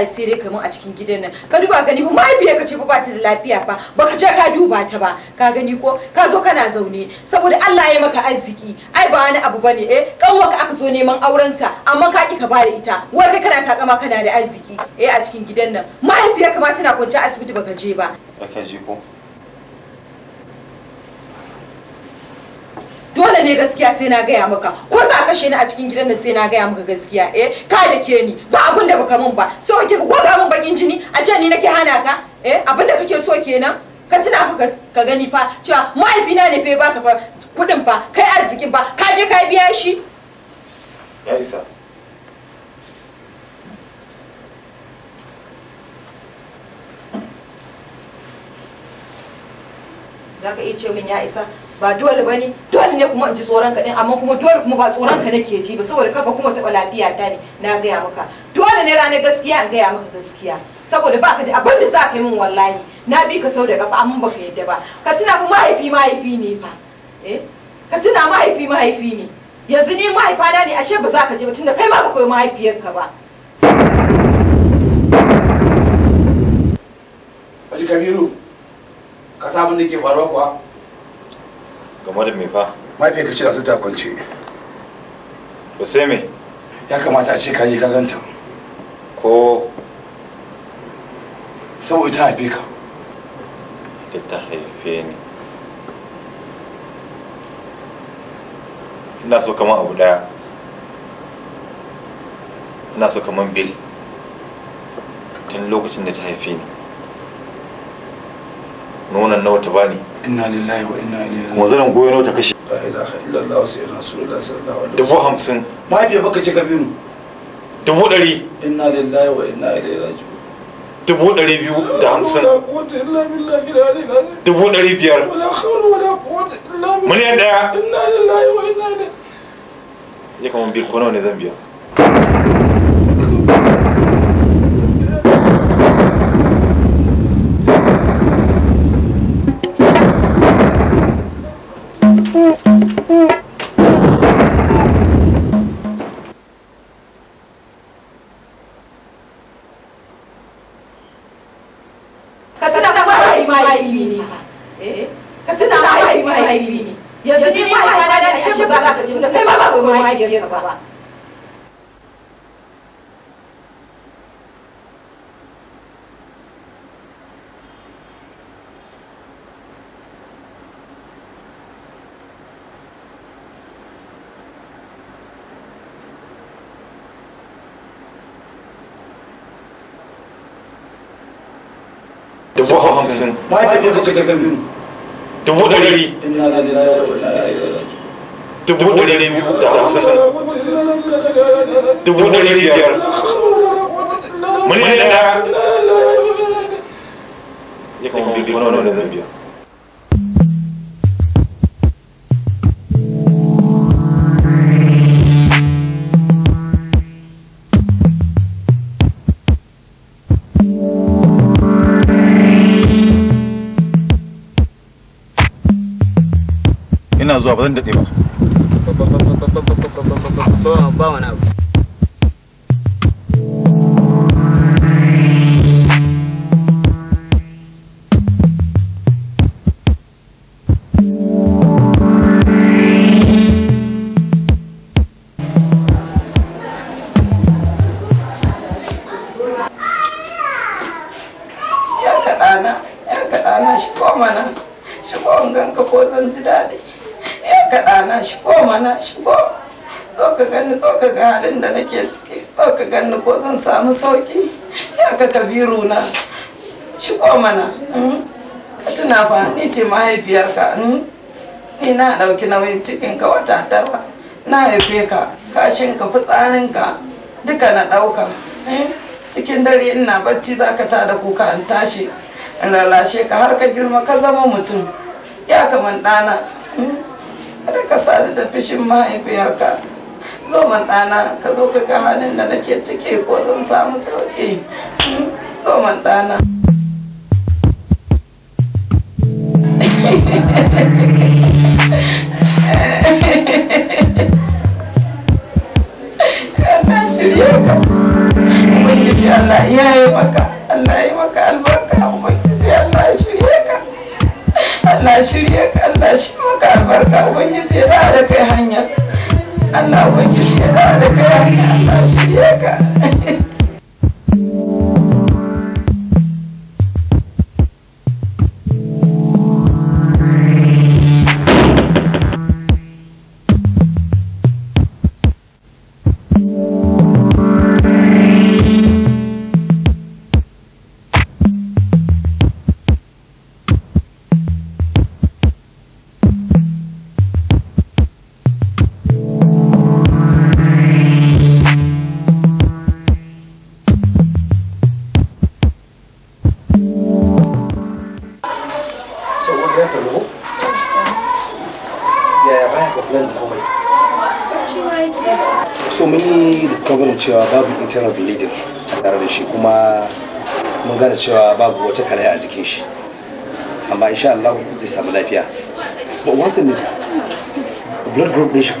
ya sai ka mun a cikin gidan nan ka duba gani fa mahaifiyar ka ce fa ba ta da lafiya fa baka je ka duba ta ba ka gani ko ka zo kana zaune saboda Allah ya yi maka arziki ai ba wani abu bane eh kanwa ka aka zo neman auren ta amma ka ki ka ba da ita wai kai kana takama kana da arziki eh a cikin gidan nan mahaifiyar ka ma tana kwance asibiti baka je ba ka je ko dole ne gaskiya sai na gaya maka ko za kashe ni a cikin gidan nan sai na gaya maka gaskiya eh ka da ni ba abin da baka min ba so ko ga min bakin jini a ce ni nake hana ka eh abin da kake so kenan ka tuna ka ka gani fa cewa mahaifina ne fa baka fa kudin fa kai arzikin fa ka je ka biya shi ya isa za iya ce min ya isa ba dole bane dole ne kuma in ji tsoron ka din amma kuma dole kuma ba tsoron ka nake ji ba saboda karka kuma taɓa lafiya ta ne na gaya maka dole ne ranar gaskiya in gaya maka gaskiya saboda ba ka da abin da za ka yi min wallahi na bi ka sau da kafa amma baka yadda ba ka tuna ba mahaifi mahaifi ne fa eh ka tuna mahaifi mahaifi ne yanzu ni na ne ashe ba za ka je ba tunda kai ma ba koyi mahaifiyarka ba Haji Kabiru, ka samu da ke faruwa kuwa? game da fa mafi kace da su ta kwance ba sai me ya kamata a ce ka ka ganta ko saboda ita haife ka ita ta haife ni ina so kamar abu daya ina so kamar bil tun lokacin da ta haife ni nonon nawa ta bani inna lillahi wa inna ilaihi kuma zanen goyo ta kashe la ilaha illallah sayyidina rasulullah sallallahu alaihi dubu hamsin mahaifiyar baka ce kabiru dubu ɗari inna lillahi wa inna ilaihi raji'un dubu ɗari biyu da hamsin dubu ɗari biyar miliyan ɗaya ya kama biyu ko nawa ne zan biya hamsin mahaifiyar ka ce ka dubu ɗari dubu ɗari da hamsin dubu ɗari biyar mun da ya kan wani wani zambiya zuwa ba zan daɗe ba ba wani abu ga na shigo mana shigo zo ka gani zo ka ga halin da nake ciki zo ka gani ko zan samu sauki ya ka kabiru na shigo mana hmm? ka tuna fa ni ce mahaifiyarka hmm? ni na ɗauki nauyin cikin ka wata tara na haife ka kashin ka fitsarin ka duka na ɗauka hmm? cikin dare ina bacci za ka tada kuka in tashi in lalashe ka har ka girma ka zama mutum ya kaman ɗana kada ka sadu da fishin mahaifiyarka zo man ɗana ka zo ka ga halin da nake ciki ko zan samu sauƙi zo man ɗana Allah shirya ka, Allah ya yi maka, Allah ya yi maka albarka. Allah shirye ka Allah shi maka albarka ubangiji ya da da kai hanya Allah ubangiji ya da da kai hanya Allah shirye ka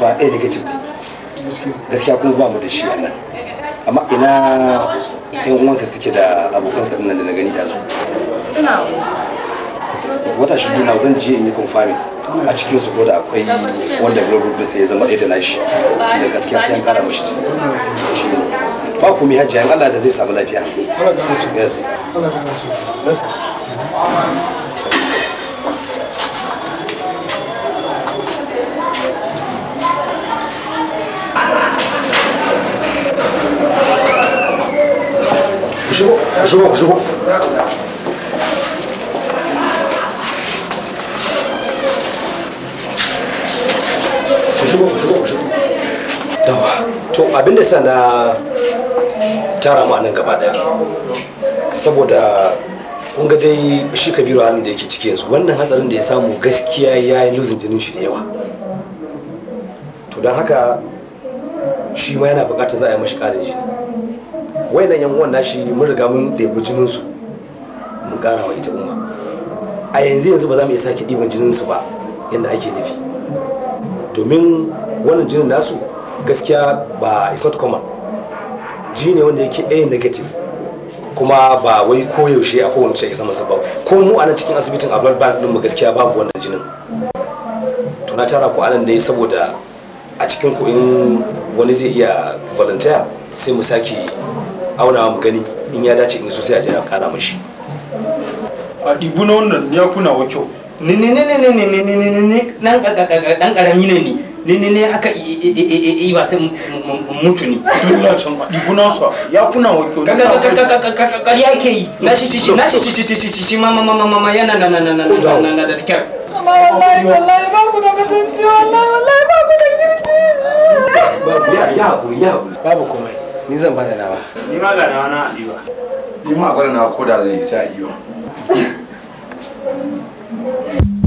ba a negative ne gaskiya kuma ba mu da shi nan amma ina yan uwansa suke da abokansa ɗin da na gani da su suna wata shi duna zan je in yi confirming a cikin su da akwai wanda global sai ya zama ɗaya da nashi da gaskiya sai an kara mashi shi ne ba ku mai hajji Allah da zai samu lafiya. Allah ga rasu. Yes. Allah ga rasu. to abin da Живо, живо, живо. Dawa. To na tara mu nan gaba daya. Saboda kun ga dai shi Kabiru a halin da yake ciki yanzu wannan hatsarin da ya samu gaskiya ya yi luzin jinin shi da yawa. To don haka shi ma yana bukatar za a yi mashi ƙarin jini. wainan yan uwan nashi mun riga mun debi jinin su mu ƙara wa ita umma a yanzu yanzu ba za mu iya sake ɗiban jinin su ba yadda ake nufi domin wannan jinin nasu gaskiya ba is not common ji ne wanda yake a negative kuma ba wai koyaushe a kowane cikin sama ba ko mu a cikin asibitin abdul bank din mu gaskiya babu wannan jinin to na tara ku anan ne saboda a cikin ku in wani zai iya volunteer sai mu sake auna mu gani in ya dace in so sai a je a kara mashi a dibu na wannan ya kuna wa kyau ni ni ni ni ni ni ni ni ni ni ne dan karami ne ni ni ni ne aka yi ba sai mutu ne duniya can ba dibu na sa ya kuna wa kyau kari ake yi na shi shi na shi shi shi shi shi ma ma ma ma ma yana na na na na na na na da kyar amma wallahi tallahi ba ku da mutunci wallahi wallahi ba ku da girki ya ya ya hakuri ya hakuri babu komai ni zan bada nawa ni ma ga nawa na adiba ni ma gwada nawa ko zai sai adiba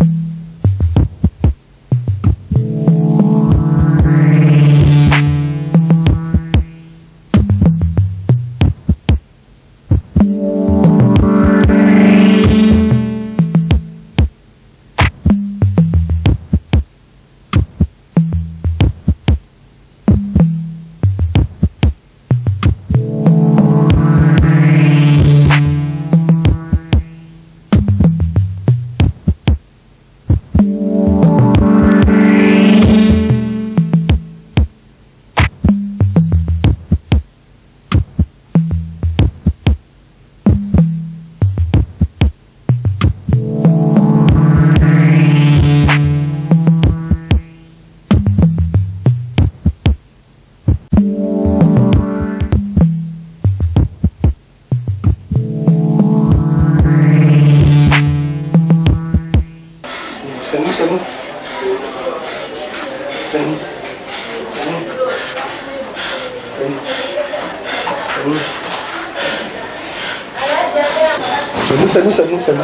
sannu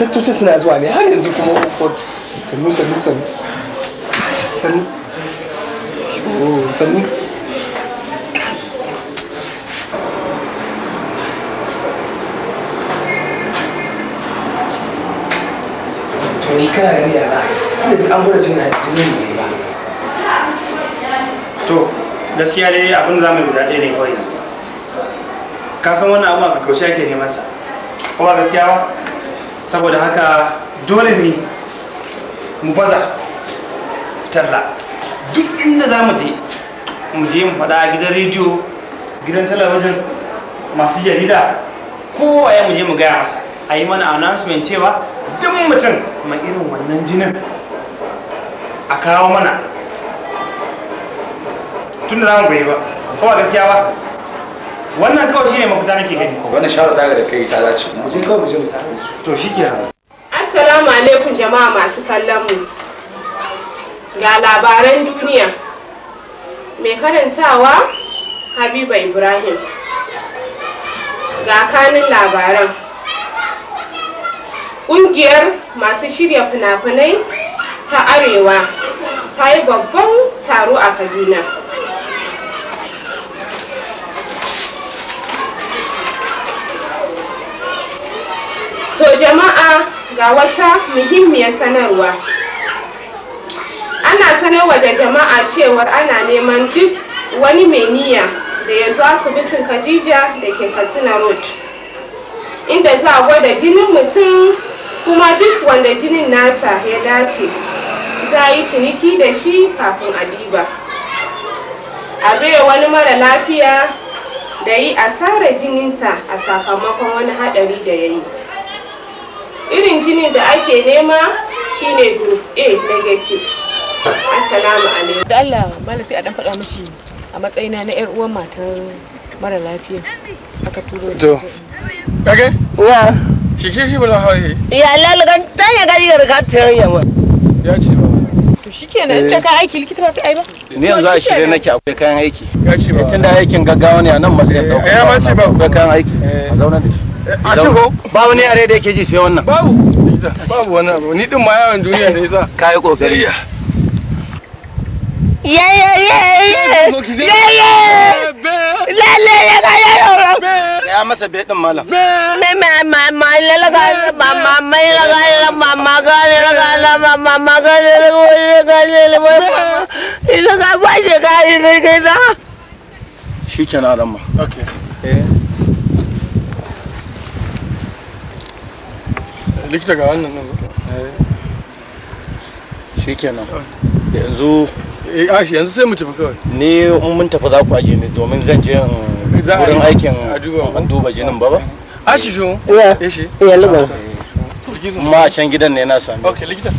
tattocin suna zuwa ne har yanzu kuma oakport sannu sannu sannu sannu oh, sannu ni kana gani a yi tunda an gwada jini a jini ne ba to gaskiya dai abin za mu guda ɗaya ne kawai ka san wannan abu a kakkaushe ake neman sa kuma gaskiya ba saboda haka dole ne mu baza talla duk inda za mu je mu je mu faɗa gidan rediyo gidan talabijin masu jarida kowa ya mu je mu gaya masa a yi mana announcement cewa duk mutum mai irin wannan jinin a kawo mana tun da za mu ba kuma gaskiya ba wannan kawai shine mafita nake gani wannan shawara ta da kai ta dace mu je kawai mu je mu To shi to shikenan assalamu alaikum jama'a masu kallon mu ga labaran duniya mai karantawa habiba ibrahim ga kanin labaran ƙungiyar masu shirya fina-finai ta arewa ta yi babban taro a kaduna To jama'a ga wata muhimmiyar sanarwa. Ana sanarwa da jama'a cewa ana neman duk wani mai niyya da ya zo asibitin Khadija da ke Katsina Road. Inda za a gwada jinin mutum kuma duk wanda jinin nasa ya dace za a yi ciniki da shi kafin a diba. A baiwa wani mara lafiya da yi asarar jininsa a sakamakon wani haɗari da ya yi. irin jini da ake nema shine group a negative assalamu alaikum da Allah malam sai a dan faɗa mishi a matsayina na yar uwan matar mara lafiya aka turo to kage wa shi shi shi bala hawaye ya lalgan ta ya gari ga ta yamma ya ce ba to shikenan ta eh. ka aiki likita ba sai ai ba ni yanzu a shirye nake akwai kayan aiki ya ce ba eh, tunda aikin gaggawa ne a nan ma sai dauka eh, ya ma ce ba akwai kayan aiki a zauna da shi a shigo ba wani yare da yake ji sai wannan babu babu wani abu ni din ma yawan duniya da yasa kai kokari ya ya ya ya ya ya lalle ya ga ya ya masa bai din malam ne ma ma ma lalle ga ma ma ma lalle ga ma ma ga lalle ga ma ma ma ga lalle ga lalle ga ina ga ba shi ga ina ga la. ramma okay eh duk daga wannan nan eh. shikenan yanzu eh, ashi yanzu sai mu tafi kawai ne in mun tafi za ku aje ne domin zan je wurin aikin an duba jinin ba ba a shi eh, shi ya shi ya lubar ma a can gidan ne na sami okay likita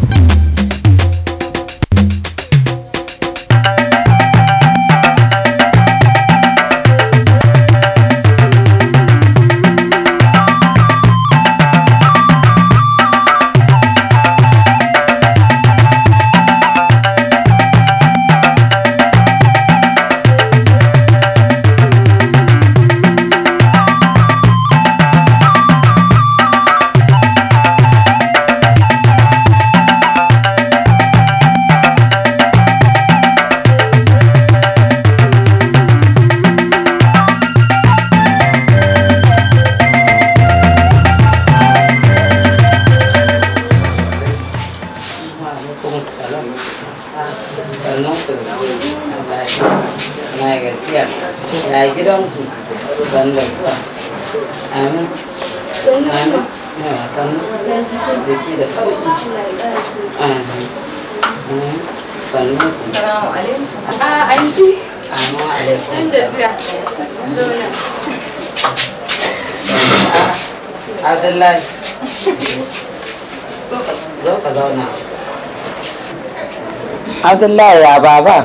abdullahi ya hmm. ba ba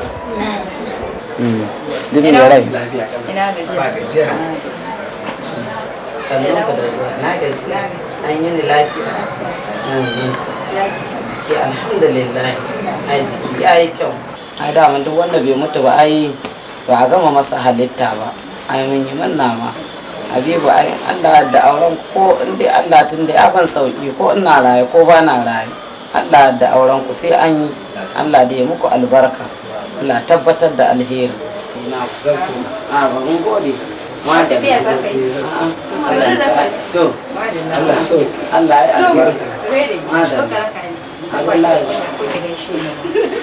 da ina lafiya jiki hmm. jiki ya kyau a dama duk wanda bai mutu ba ai ba a gama masa halitta ba ai mun yi manna ma habibu ai allah da auren ko in dai allah tun da ya ban sauki ko ina raye ko ba na raye Allah da auren ku sai an yi Allah da ya muku albarka Allah tabbatar da alheri Allah ya albarka Allah ya albarka Allah ya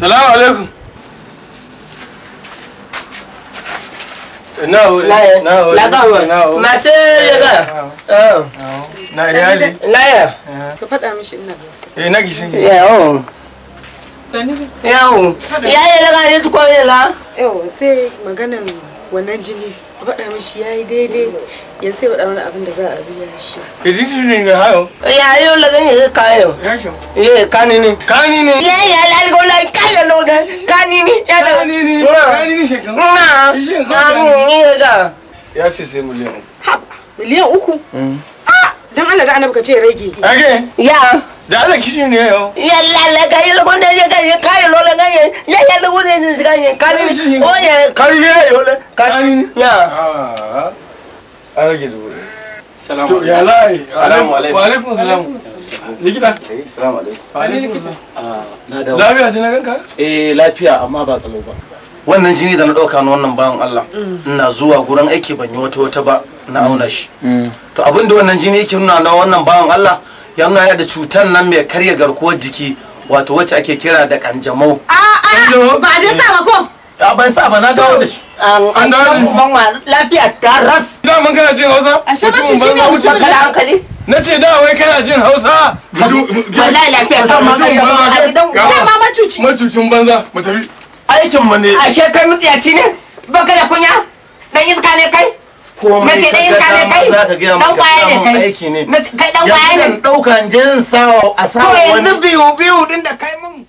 salamu alaikum na na iyali na ya ka faɗa mishi ina eh na gishin sani ya la ga ya sai maganin wannan jini a faɗa mishi ya yi daidai yanzu sai faɗa wani abin da za a biya shi. Idi ti ni ga hayo. Ya yi yo la gani ga kayo. Ye kani ni. Kani ni. Ye ya la go la kayo lo ga. Kani ni. Ya da. Kani ni. Kani ni shekan. Na. Shekan. Ni da. Ya ce sai miliyan uku. Ha. Miliyan uku? Mm. Ah. don Allah da annabi ka ce rage. Rage. Ya. da ala kisi ne yo ya la la ga yelo ko ne ya ga ye kai yelo la ye ya ya lo ne ni ga ye kai o ya ye yo le ka ya ala ke dole salamu alaikum ya salamu alaikum wa alaikum salam eh salamu alaikum sani ah na da lafiya dina ganka eh lafiya amma ba tsalo ba wannan jini da na ɗauka na wannan bawan Allah ina zuwa gurin aiki ban yi wata wata ba na auna shi to abin da wannan jini yake nuna na wannan bawan Allah ya yana da cutar nan mai karya garkuwar jiki wato wacce ake kira da kanjamau a'a ah, ah, ba a sa ba ko a ban sa ba na dawo da shi an dawo manwa lafiya ta ras da mun kana jin hausa a shaba ci ne mutum da hankali na ce da wai kana jin hausa wallahi lafiya ta ma ma macuci macucin banza mu tafi aikin mu ne ashe kai tsiyaci ne baka da kunya dan iska ne kai komai ka ga dama za ka gaya maka samun aiki ne jin sawa a sawa wani yanzu biyu biyu din da kai mun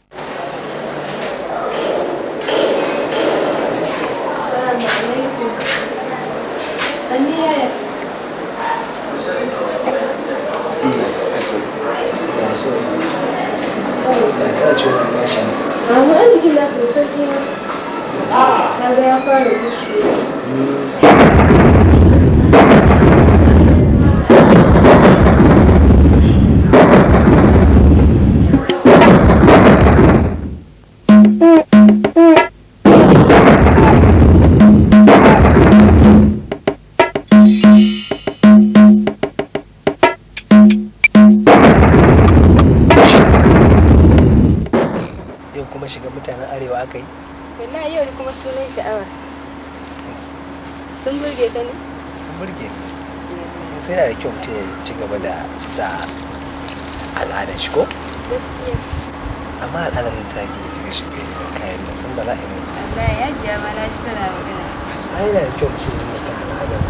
yau kuma sunan sha'awa sun burge ka ne sun burge ne mm. sai da kyau mutum ya ci gaba da sa al'adar shi ko amma al'adar ta ke da cika shi kai da kayan da sun bala imu Allah ya ji amma na shi tana magana ai da kyau mutum ya sa al'adar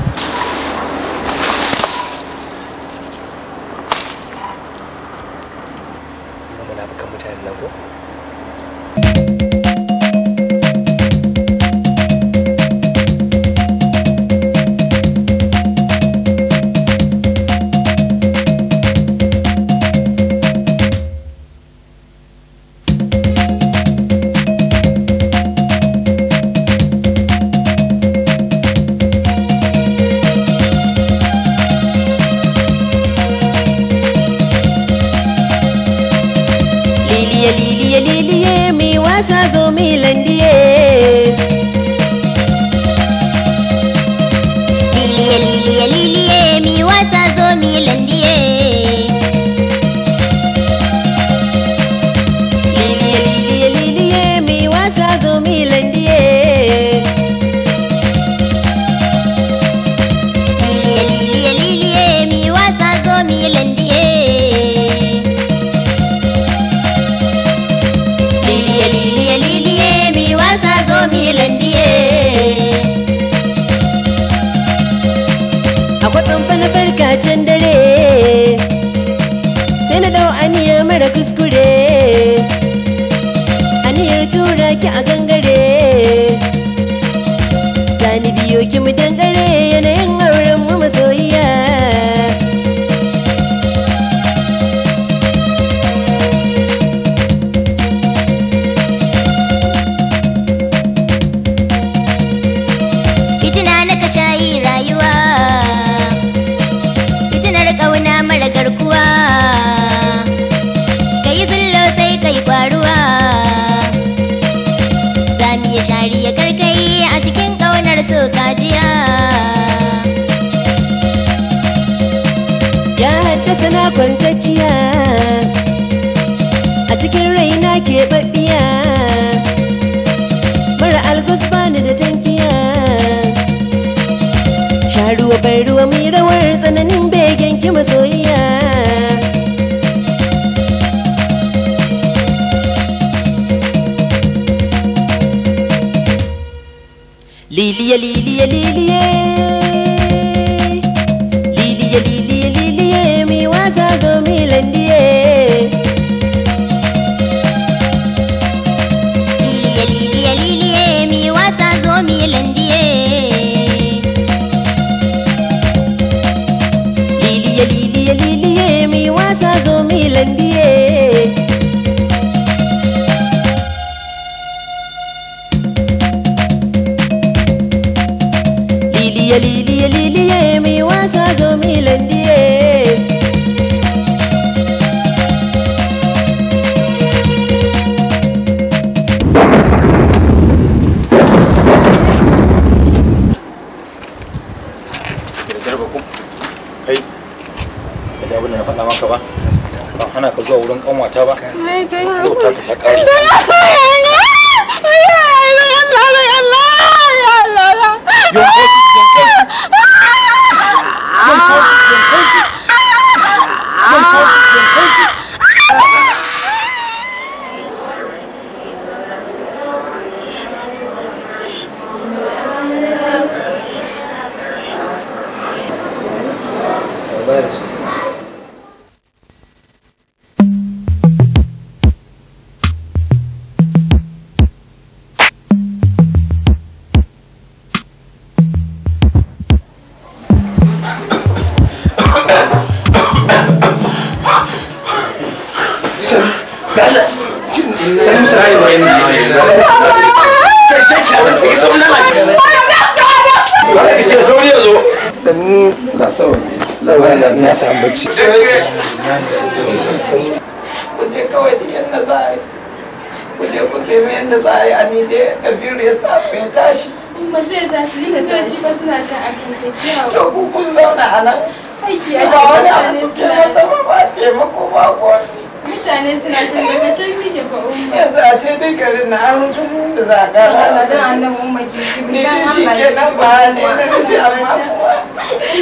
muna bukan mutane nan ko ruwa bai ruwa mai rawar tsananin begen ki masoyi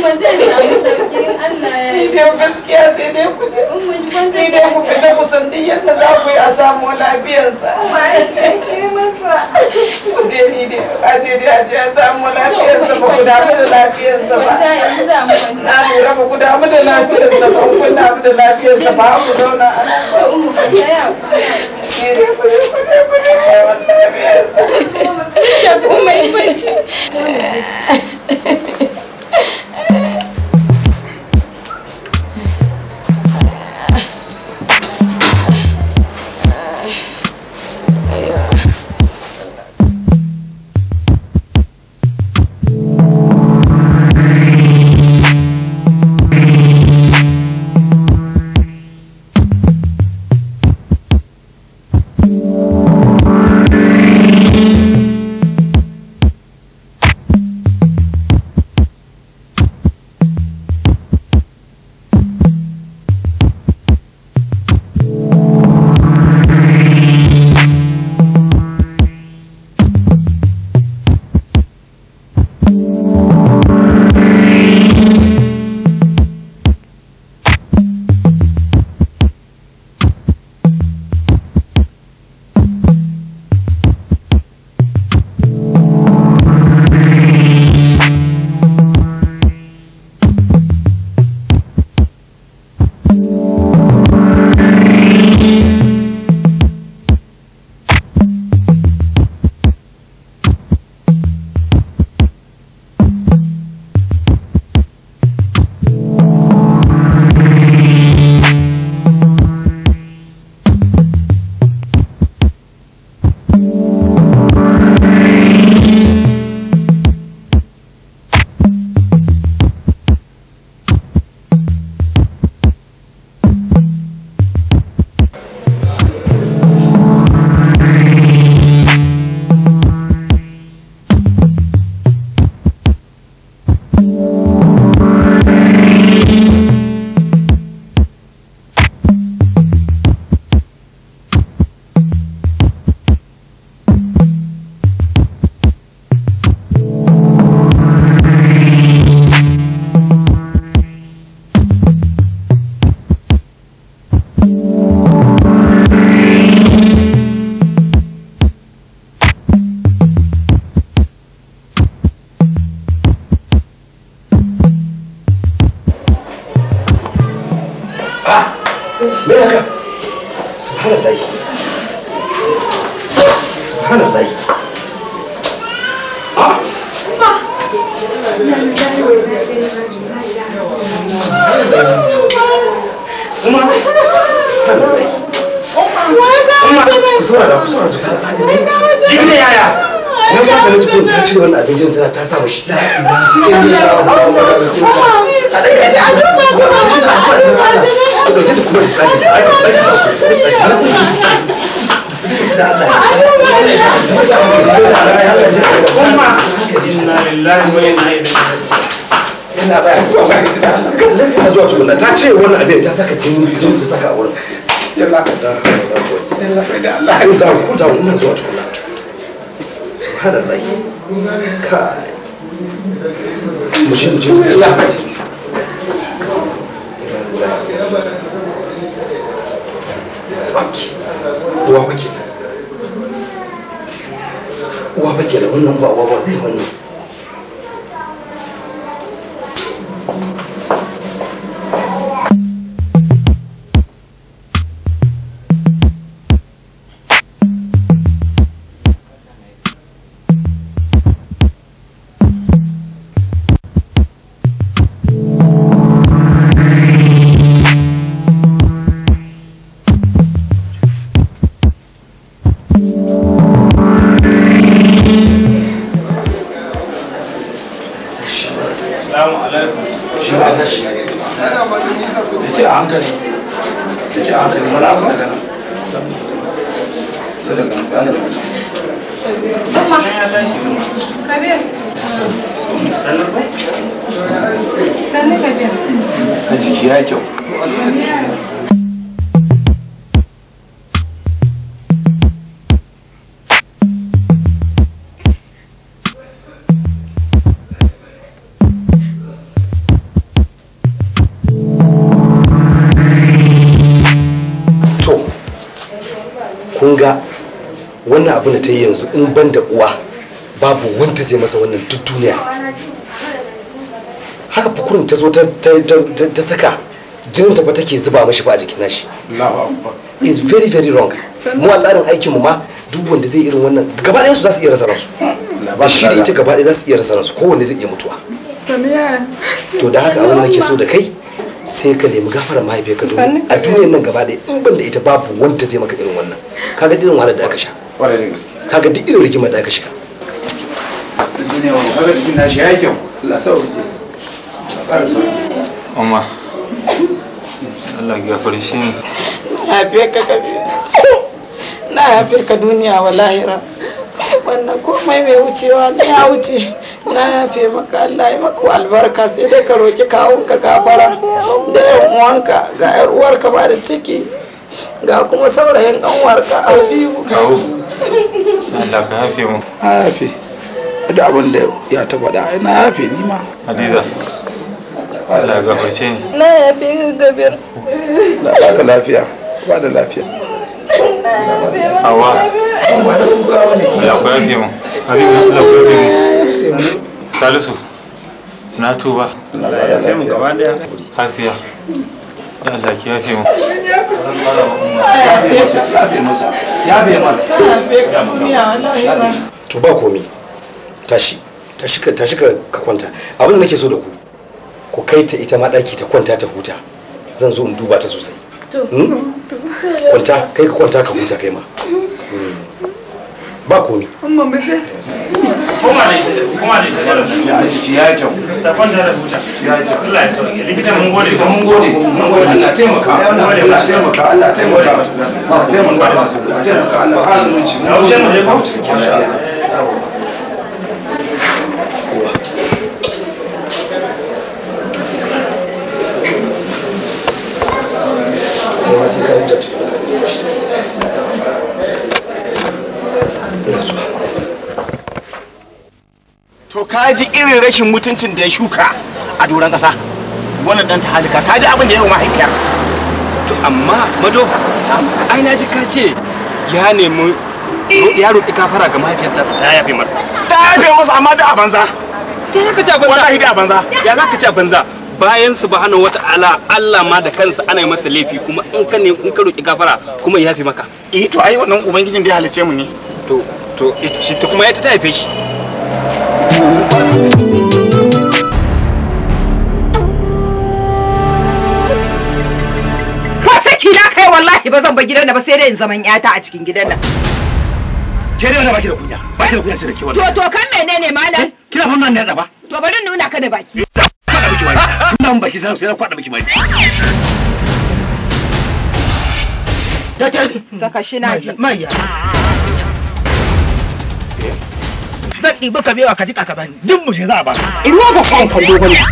umma zai samu Allah ya ni dai gaskiya sai dai ku je ni dai fita san duk yadda za ku yi a samu lafiyarsa oh ku je ni dai a je dai a je a samu lafiyarsa ba ku damu da lafiyarsa ba na lura ba ku damu da lafiyarsa ba ku damu da lafiyarsa ba ku zauna a nan 我我我结婚。kun ga wannan abu da ta yi yanzu in ban da uwa babu wanda zai masa wannan duk duniya haka fukurin ta zo ta saka jinin ta ba take zuba mashi ba a jikin nashi is very very wrong mu a tsarin mu ma duk wanda zai irin wannan gaba ɗayan su za su iya rasa ransu da shi da ita gaba ɗaya za su iya rasa ransu kowanne zai iya mutuwa to da haka abin da nake so da kai sai ka nemi gafarar mahaifiyarka domin a duniyar nan gaba da in ban da ita babu wanda zai maka irin wannan kaga irin wahalar da aka sha kaga duk irin rigimar da aka shiga Allah Amma, Allah ya farshe ni. Na haife ka kabi. Na haife ka duniya wallahi ra wannan komai mai wucewa na ya wuce na yafe maka Allah ya maka albarka sai dai ka roki kawunka gafara da yan uwanka ga yar uwarka ba da ciki ga kuma saurayin dan kanwarka Habibu kawo Allah ka yafe mu a yafe da abin da ya ta faɗa na yafe ni ma Hadiza Allah ga gafarce ni na yafe ka gabir Allah ka lafiya ba da lafiya Allah Hawa. salisu na tuba ya hafiya da Allah ki yafe mu to ba komi tashi tashi ka tashi ka kwanta abin da nake so da ku ku kai ta ita ma daki ta kwanta ta huta zan zo in duba ta sosai hmm? kwanta kai ka kwanta ka huta kai ma ba komi amma mai ce koma da ita koma da ita da aiki ya kyau ta kwanta da huta ya kyau Allah ya sauke likita mun gode ta mun gode mun gode Allah taimaka Allah taimaka Allah taimaka Allah taimaka Allah taimaka Allah har mun ci na ushe mu dai ko Terima kasih kerana to ka ji irin rashin mutuncin da ya shuka a doron ƙasa wannan ɗan ta halika ka ji abin da ya yi mahaifiyar to amma mado ai na ji ka ce ya nemi ya roƙi kafara ga mahaifiyar tasa ta yafe mar ta yafe masa amma da a banza ta ka ci a banza wallahi da a banza ya zaka ci a banza bayan subhanahu wata'ala Allah ma da kansa ana yi masa laifi kuma in ka in ka roki gafara kuma ya fi maka eh to ai wannan ubangijin da ya halice mu ne to to shi kuma ya ta haife shi ba zan bar gidan nan ba sai dai in zaman yata a cikin gidan nan. Ke dai wanda baki da kunya, baki da kunya sai da ke wannan. To to kan menene malam? Eh, kina fa nan ne tsaba. To bari nuna ka da baki. Eh, kwada miki mai. Nuna baki sai na kwada miki mai. Saka shi na ji. Maiya. Zan ɗibi ka bewa ka jiƙa ka bani. Duk mushe za a ba. Ruwa ba sa'in kallo ba ne.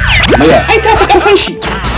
Ai ta fi ƙarfin shi.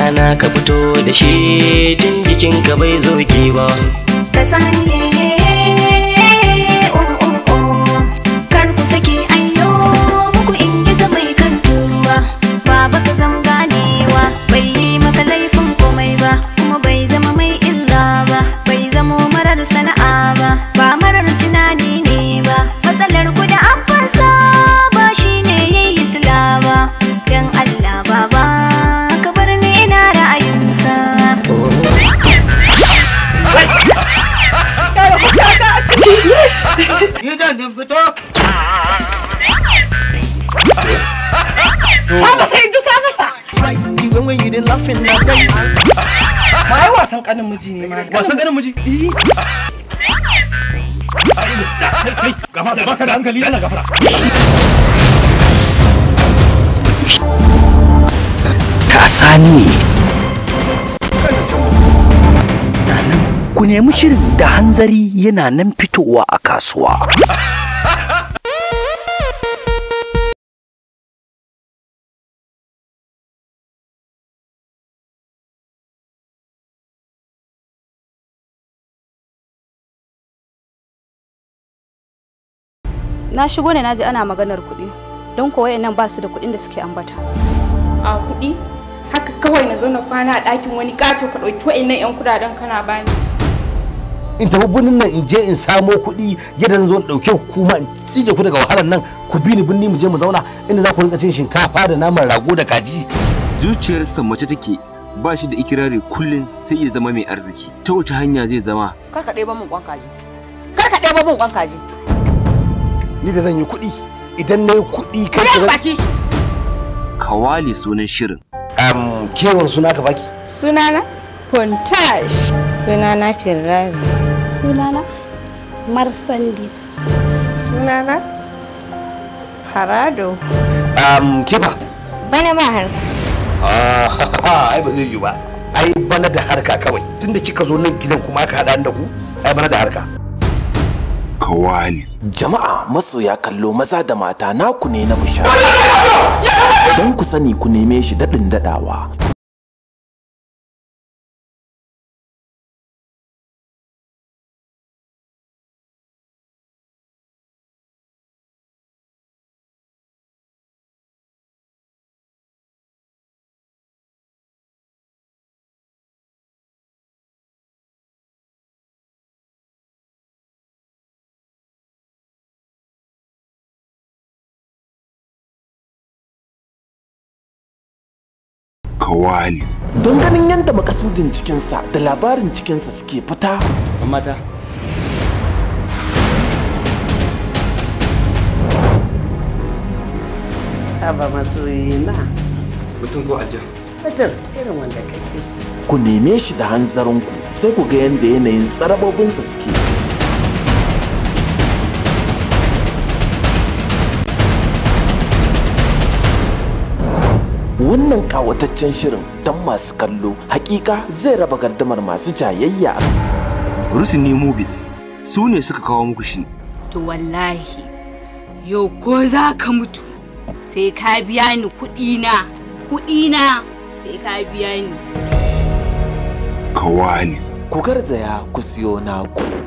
rana ka fito da shi tun jikinka bai zo ba ka kanin miji ne ma wasan kanin miji eh. gaba da da hankali yana gafara kasani ku nemi shirin da hanzari yana nan fitowa a kasuwa na shigo ne naji ana maganar kuɗi don ko nan ba su da kuɗin da suke ambata a kuɗi haka kawai na zo na kwana a ɗakin wani ƙato ka ɗauki yan kuɗaɗen kana bani in tafi birnin nan in je in samo kuɗi yadda zan zo in ɗauke kuma in cije ku daga wahalar nan ku bi ni birni mu je mu zauna inda za ku rinka cin shinkafa da naman rago da kaji Zuciyar sa mace take ba shi da ikirari kullum sai ya zama mai arziki ta wace hanya zai zama kar ka ɗeba min kwan kaji kar ka ɗeba min kwan kaji ni da zan yi kuɗi idan na yi kuɗi kai ka baki kawali sunan shirin am kewar suna ka baki sunana pontage sunana firrari sunana marsandis sunana parado am kifa bana ba harka ah, ai ba zai yi ba ai bana da harka kawai tunda kika zo nan gidan kuma aka haɗa da ku ai bana da harka kawali jama'a masoya kallo maza da mata naku ne na musha don ku sani ku neme shi daɗin daɗawa kawali don ganin yadda makasudin cikinsa da labarin cikinsa suke fita mata haba mutum ko mutum irin wanda kake so ku neme shi da hanzarinku sai ku ga yadda yanayin tsarabobinsa suke wannan kawataccen shirin don masu kallo hakika zai raba gardamar masu jayayya rusuni movies su ne suka kawo muku shi to wallahi yau ko za ka mutu sai ka biya ni kuɗina na, sai ka biya ni kawali ku garzaya ku siyo naku